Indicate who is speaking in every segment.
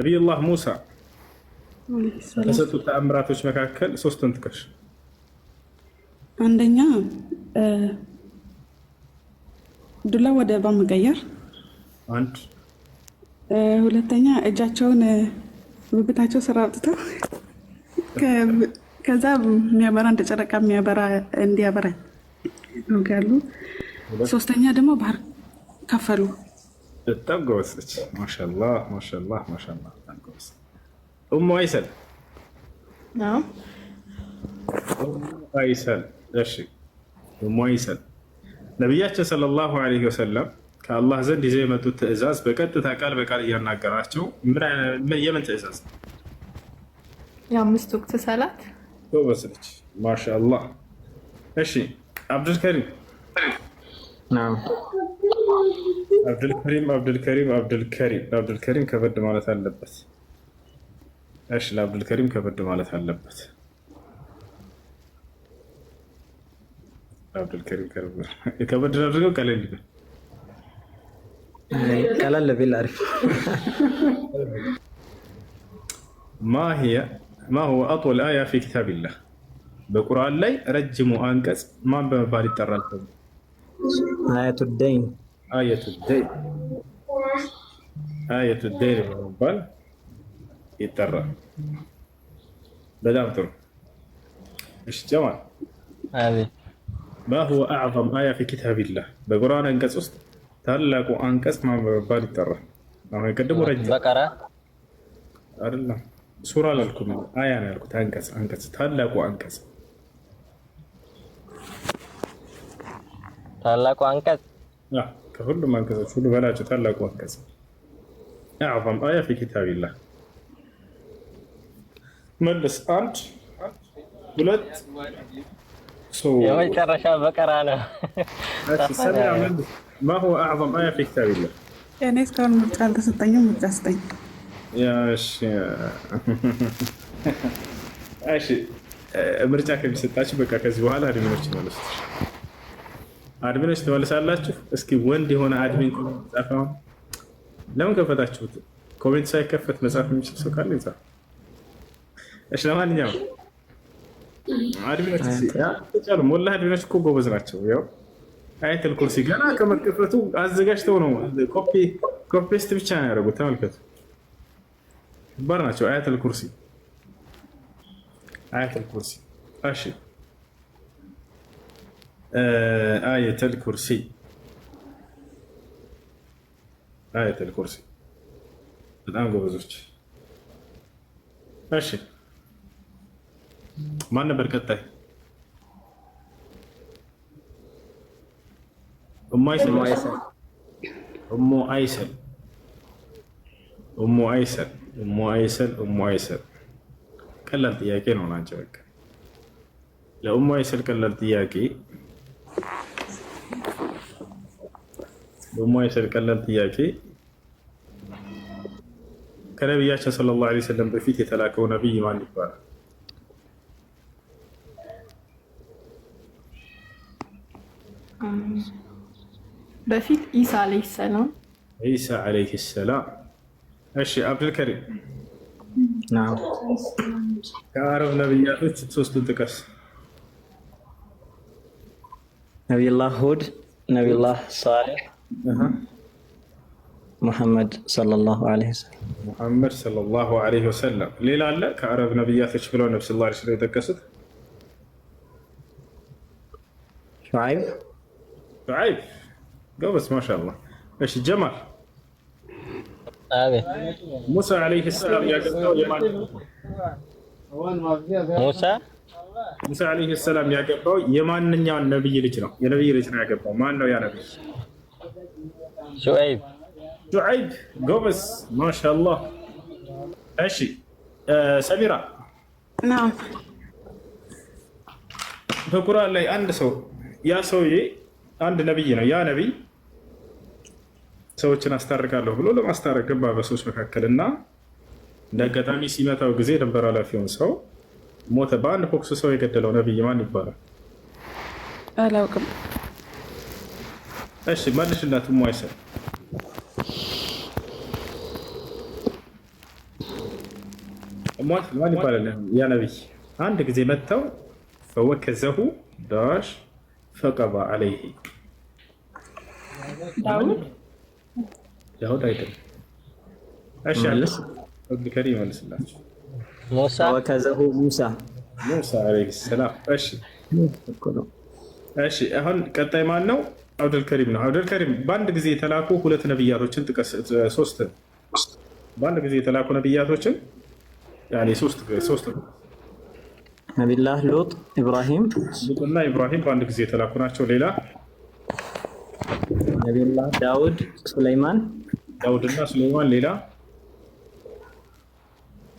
Speaker 1: ነቢዩላህ ሙሳ ከሰጡት ተአምራቶች መካከል ሶስቱን ጥቀሽ።
Speaker 2: አንደኛ ዱላ ወደ እባብ መቀየር፣ አንድ ሁለተኛ እጃቸውን ብብታቸው ስራ አውጥተው ከዛ የሚያበራ እንደ ጨረቃ የሚያበራ እንዲያበራ ያሉ፣ ሶስተኛ ደግሞ ባህር ከፈሉ
Speaker 1: በጣም ጎበዝ ነች። ማሻላ ማሻላ ማሻላ በጣም ጎበዝ ኡሙ አይሰል አይሰል። እሺ ኡሙ አይሰል ነቢያችን ሰለላሁ ዐለይሂ ወሰለም ከአላህ ዘንድ ይዘው የመጡት ትዕዛዝ በቀጥታ ቃል በቃል እያናገራቸው የምን ትዕዛዝ?
Speaker 3: የአምስት ወቅት ሰላት።
Speaker 1: ጎበዝ ነች ማሻላ። እሺ አብዱልከሪም አብዱልከሪም አብዱልከሪም አብዱልከሪም ለአብዱልከሪም ከበድ ማለት አለበት። እሺ ለአብዱልከሪም ከበድ ማለት አለበት። አብዱልከሪም ከበድ አድርገው ቀለል ይበል።
Speaker 4: ቀለል ቢል አሪፍ።
Speaker 1: ማ ሁወ አያ ፊ ኪታቢላህ በቁርአን ላይ ረጅሙ አንቀጽ ማን በመባል ይጠራል?
Speaker 4: አያቱ ደይን
Speaker 1: አየቱ ደይን በመባል ይጠራል። በጣም ጥሩ እሺ። ጀማል ማ ሁወ አዕዘም አያ ፊ ኪታቢላህ በቁርአን አንቀጽ ውስጥ ታላቁ አንቀጽ ማን በመባል ይጠራል? አሁን የቀድሞ ረጅም በቀራ አይደለም፣ ሱራ አላልኩም፣ አያ ነው ያልኩት። አንቀጽ አንቀጽ፣ ታላቁ አንቀጽ
Speaker 5: ታላቁ አንቀጽ
Speaker 1: ከሁሉም አንቀጾች ሁሉ በላጩ ታላቁ አንቀጽ አዕዘም አያ ፊ ኪታቢላህ መልስ። አንድ ሁለት
Speaker 5: የመጨረሻ በቀራ ነው።
Speaker 1: ማ ሁወ አዕዘም አያ ፊ ኪታቢላህ?
Speaker 2: እኔ እስካሁን ምርጫ አልተሰጠኝም። ምርጫ ስጠኝ።
Speaker 1: ምርጫ ከሚሰጣችሁ በቃ ከዚህ በኋላ ሪሚኖች ማለት ነው አድሚኖች ትመልሳላችሁ። እስኪ ወንድ የሆነ አድሚን ጻፈ። ለምን ከፈታችሁት? ኮሜንት ሳይከፈት መጻፍ የሚችል ሰው ካለ ይጻፍ። እሺ፣ ለማንኛውም አድሚኖች ሞላ አድሚኖች እኮ ጎበዝ ናቸው። ያው አየተል ኩርሲ ገና ከመከፈቱ አዘጋጅተው ነው። ኮፒ ፔስት ብቻ ነው ያደረጉት። ተመልከቱ፣ ባር ናቸው። አያተል ኩርሲ አያተል ኩርሲ እሺ አየተል ኩርሲ አየተል ኩርሲ በጣም ጎበዞች። እሺ ማን ነበር ቀጣይ? እሙ አይሰል እሙ አይሰል እሙ አይሰል እሙ አይሰል ቀላል ጥያቄ ነው ናቸው። በቃ ለእሙ አይሰል ቀላል ጥያቄ ደግሞ የሰል ቀላል ጥያቄ ከነቢያችን ሰለላሁ ዐለይሂ ወሰለም በፊት የተላከው ነቢይ ማን ይባላል?
Speaker 3: በፊት ኢሳ ዐለይሂ ሰላም።
Speaker 1: ኢሳ ዐለይሂ ሰላም። እሺ አብዱልከሪም ከአረብ ነቢያቶች ሶስቱን ጥቀስ።
Speaker 6: نبي الله هود نبي الله صالح محمد صلى الله عليه وسلم
Speaker 1: محمد صلى الله عليه وسلم ليلى لا كعرب نبيات ايش بلون نفس الله يشكلون وسلم يتكسد شعيب شعيب قبس ما شاء الله ايش الجمل آبي. موسى عليه السلام يا موسى ሙሳ ዓለይሂ ሰላም ያገባው የማንኛውን ነብይ ልጅ ነው? የነብይ ልጅ ነው ያገባው። ማን ነው ያ ነብይ? ሹዐይብ። ሹዐይብ ጎበዝ፣ ማሻአላህ። እሺ ሰሚራ፣ በቁርአን ላይ አንድ ሰው ያ ሰውዬ አንድ ነብይ ነው። ያ ነብይ ሰዎችን አስታርቃለሁ ብሎ ለማስታረቅ ገባ በሰዎች መካከል እና እንደ አጋጣሚ ሲመታው ጊዜ ድንበር ኃላፊውን ሰው ሞተ። በአንድ ቦክስ ሰው የገደለው ነብይ ማን ይባላል? አላውቅም። እሺ መልሽላት። ሙይሰር ሟች ማን ይባላል? ያ ነብይ አንድ ጊዜ መጥተው ፈወከዘሁ ዳሽ ፈቀባ አለይህ ዳውድ አይደለም። እሺ አለስ ከሪ ይመልስላቸው
Speaker 6: ሙሳ ወከዘሁ ሙሳ
Speaker 1: ሙሳ ዓለይሂ ሰላም። እሺ እሺ፣ አሁን ቀጣይ ማን ነው? አብዱልከሪም ነው። አብዱልከሪም በአንድ ጊዜ የተላኩ ሁለት ነብያቶችን ጥቀስ። ሶስት በአንድ ጊዜ የተላኩ ነብያቶችን ሶስት ሶስት
Speaker 6: ነቢላህ ሉጥ፣ ኢብራሂም
Speaker 1: ሉጥና ኢብራሂም በአንድ ጊዜ የተላኩ ናቸው። ሌላ
Speaker 6: ነቢላህ ዳውድ፣ ሱለይማን
Speaker 1: ዳውድና ሱለይማን ሌላ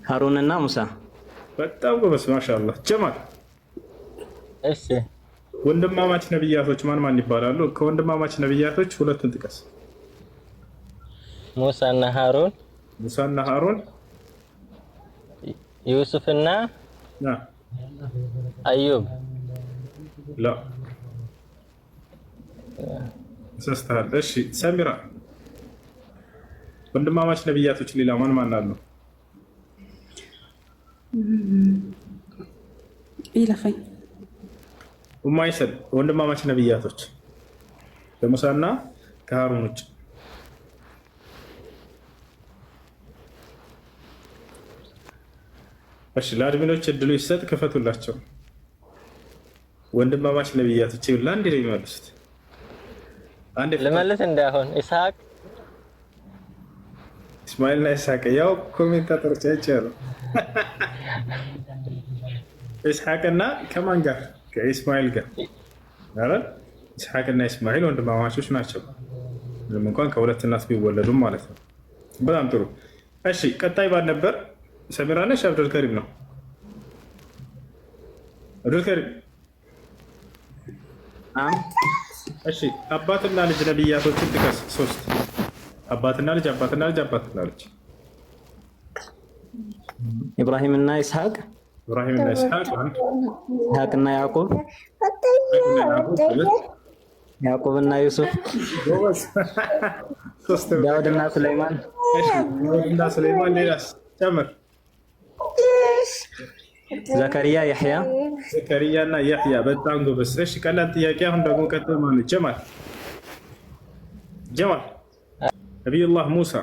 Speaker 6: ሀሩንና ሙሳ
Speaker 1: በጣም ጎበስ ማሻላ። ጀማል እሺ፣ ወንድማማች ነብያቶች ማን ማን ይባላሉ? ከወንድማማች ነብያቶች ሁለቱን ጥቀስ።
Speaker 7: ሙሳና ሀሩን
Speaker 1: ሙሳና ሀሩን
Speaker 7: ዩሱፍና አዩብ
Speaker 1: ሰስተሃል። እሺ ሰሚራ፣ ወንድማማች ነብያቶች ሌላ ማን ማን አሉ? ይለፈኝ እማይሰል ወንድማማች ነብያቶች ከሙሳና ከሃሩን ውጭ እሺ ለአድሚኖች እድሉ ይሰጥ፣ ክፈቱላቸው። ወንድማማች ነብያቶች ይሁን ለአንድ ነው የሚመልሱት።
Speaker 7: አንድ ልመልስ እንዳይሆን ኢስሐቅ
Speaker 1: እስማኤልና ኢስሐቅ ያው ኮሜንታተሮች አይቻሉ ኢስሐቅና ከማን ጋር? ከኢስማኤል ጋር። አረ ኢስሐቅና ኢስማኤል ወንድማማቾች ናቸው፣ ምንም እንኳን ከሁለት እናት ቢወለዱም ማለት ነው። በጣም ጥሩ። እሺ ቀጣይ ባል ነበር ሰሚራ ነሽ? አብዱልከሪም ነው። አብዱልከሪም እሺ። አባትና ልጅ ነቢያቶችን ጥቀስ። ሶስት አባትና ልጅ፣ አባትና ልጅ፣ አባትና ልጅ
Speaker 6: ኢብራሂምና ይስሐቅ
Speaker 1: ኢብራሂምና ይስሐቅ
Speaker 6: ይስሐቅና ያዕቆብ ያዕቆብና ዩሱፍ ዳውድና ሱለይማን
Speaker 1: ዳውድና ስለይማን ሌላስ ጨምር
Speaker 6: ዘከሪያ ያሕያ
Speaker 1: ዘከሪያና ያሕያ በጣም ጎበስ እሺ ቀላል ጥያቄ አሁን ደግሞ ቀጥል ማነው ጀማል ጀማል ነቢዩላህ ሙሳ